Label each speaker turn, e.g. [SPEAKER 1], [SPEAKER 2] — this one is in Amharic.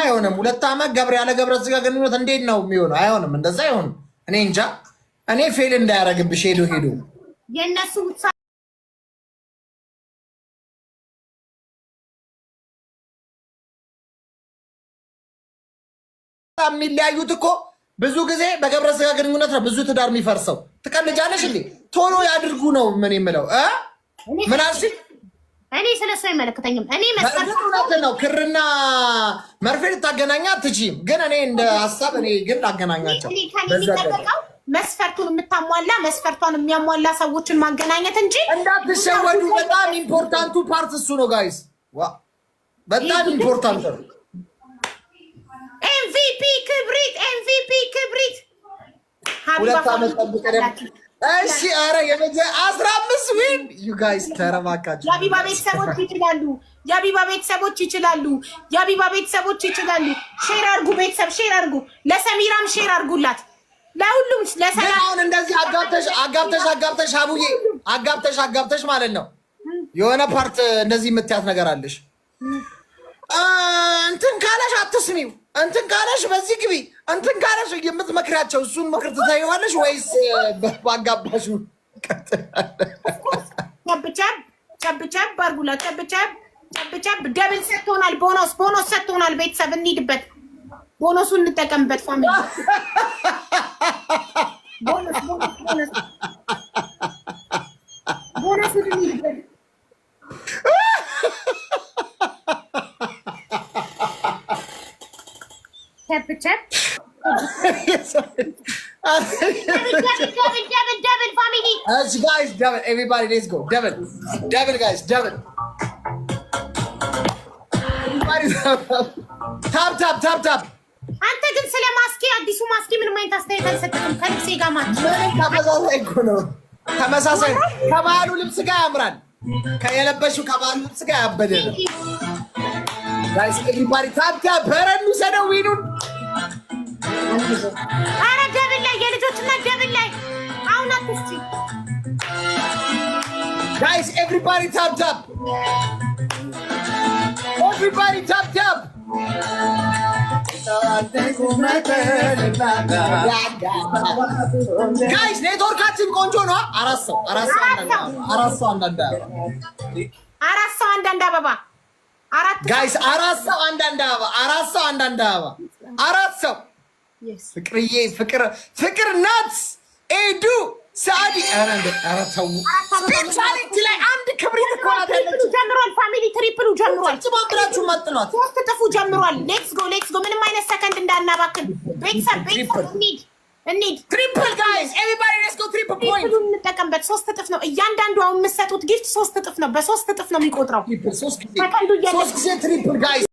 [SPEAKER 1] አይሆንም። ሁለት ዓመት ገብረ ያለ ገብረ ስጋ ግንኙነት እንዴት ነው የሚሆነው? አይሆንም። እንደዛ አይሆን። እኔ እንጃ። እኔ ፌል እንዳያደርግብሽ ሄዱ ሄዶ የእነሱ የሚለያዩት እኮ ብዙ ጊዜ በገብረ ስጋ ግንኙነት ነው ብዙ ትዳር የሚፈርሰው። ትቀልጃለሽ እንዴ? ቶሎ ያድርጉ ነው ምን የምለው ምናሲ
[SPEAKER 2] እኔ ስለ ሰው አይመለከተኝም። እኔ መስራት
[SPEAKER 1] ነው። ክርና መርፌ ልታገናኛ አትችይም። ግን እኔ እንደ ሀሳብ እኔ ግን ላገናኛቸው
[SPEAKER 2] የሚጠበቀው መስፈርቱን የምታሟላ መስፈርቷን የሚያሟላ ሰዎችን ማገናኘት እንጂ
[SPEAKER 1] እንዳትሸወዱ። በጣም ኢምፖርታንቱ ፓርት እሱ ነው ጋይስ፣ በጣም ኢምፖርታንት ነው።
[SPEAKER 2] ኤምቪፒ ክብሪት ኤምቪፒ
[SPEAKER 1] ሁለት ዓመት ጠብቀን እሺ። ኧረ የመጀ አስራ አምስት ዊን ዩ ጋይስ ተረባካችሁ።
[SPEAKER 2] የአቢባ ቤተሰቦች ይችላሉ። የአቢባ ቤተሰቦች ይችላሉ። የአቢባ ቤተሰቦች ይችላሉ። ሼር አርጉ፣ ቤተሰብ ሼር አርጉ። ለሰሚራም ሼር አርጉላት። ለሁሉም ለሰላም።
[SPEAKER 1] አሁን እንደዚህ አጋብተሽ አጋብተሽ አጋብተሽ አቡዬ አጋብተሽ አጋብተሽ ማለት ነው የሆነ ፓርት እንደዚህ የምትያት ነገር አለሽ እንትን ካለሽ አትስሚው፣ እንትን ካለሽ በዚህ ግቢ፣ እንትን ካለሽ የምትመክሪያቸው እሱን ምክር ትታየዋለሽ ወይስ ባጋባሹ
[SPEAKER 2] ጨብጨብ ጨብጨብ በርጉላ ጨብጨብ ጨብጨብ ደብል ሰጥቶናል። ቦኖስ ቦኖስ ሰጥቶናል። ቤተሰብ እንሂድበት፣ ቦኖሱ እንጠቀምበት። ፋሚሊ ቦኖስ ቦኖስ ቦኖስ ቦኖስ እንሂድበት አንተ ግን ስለ ማስኬ አዲሱ ማስኬ ምንም አይነት አስተያየት አልሰጠንም። ከልብሴ ጋር
[SPEAKER 1] ተመሳሳይ እኮ ነው። ተመሳሳይ ከባህሉ ልብስ ጋር ያምራል። የለበሽው ከባህሉ ልብስ ጋር ያበደ ነው። ጋይስ ኤሪባሪ ታታ በረን ሰደው ዊኑን
[SPEAKER 2] አረ ደብል ላይ የልጆች እና ደብል ላይ አሁን አትስቲ
[SPEAKER 1] ጋይስ ኤቭሪባዲ ታፕ ታፕ ኤቭሪባዲ ታፕ ታፕ ጋይስ ኔትወርካችን ቆንጆ ነው። አራት ሰው አራት ሰው አንዳንድ አበባ
[SPEAKER 2] አራት ሰው አንዳንድ አበባ
[SPEAKER 1] ጋይስ አራት ሰው አንዳንድ አበባ አራት ሰው አንዳንድ አበባ አራት ሰው ፍቅርዬ ፍቅር ፍቅር ናት። ኤዱ ሰአዲ ረተው
[SPEAKER 2] ስፔሻሊቲ ላይ አንድ ክብሪት ጀምሯል። ፋሚሊ ትሪፕሉ ጀምሯል። ሶስት ጥፉ ጀምሯል። ሌትስ ጎ ሌትስ ጎ። ምንም አይነት ሰከንድ እንዳናባክን ቤተሰብ ቤተሰብ
[SPEAKER 1] ትሪፕል ጋይስ ኤቨሪባዲ ሌትስ ጎ ትሪፕል ፖይንት
[SPEAKER 2] ትሪፕሉ እንጠቀምበት። ሶስት ነው እያንዳንዱ አሁን የምትሰጡት ጊፍት ሶስት ነው። በሶስት ነው የሚቆጥረው። ሶስት ጊዜ
[SPEAKER 1] ትሪፕል ጋይስ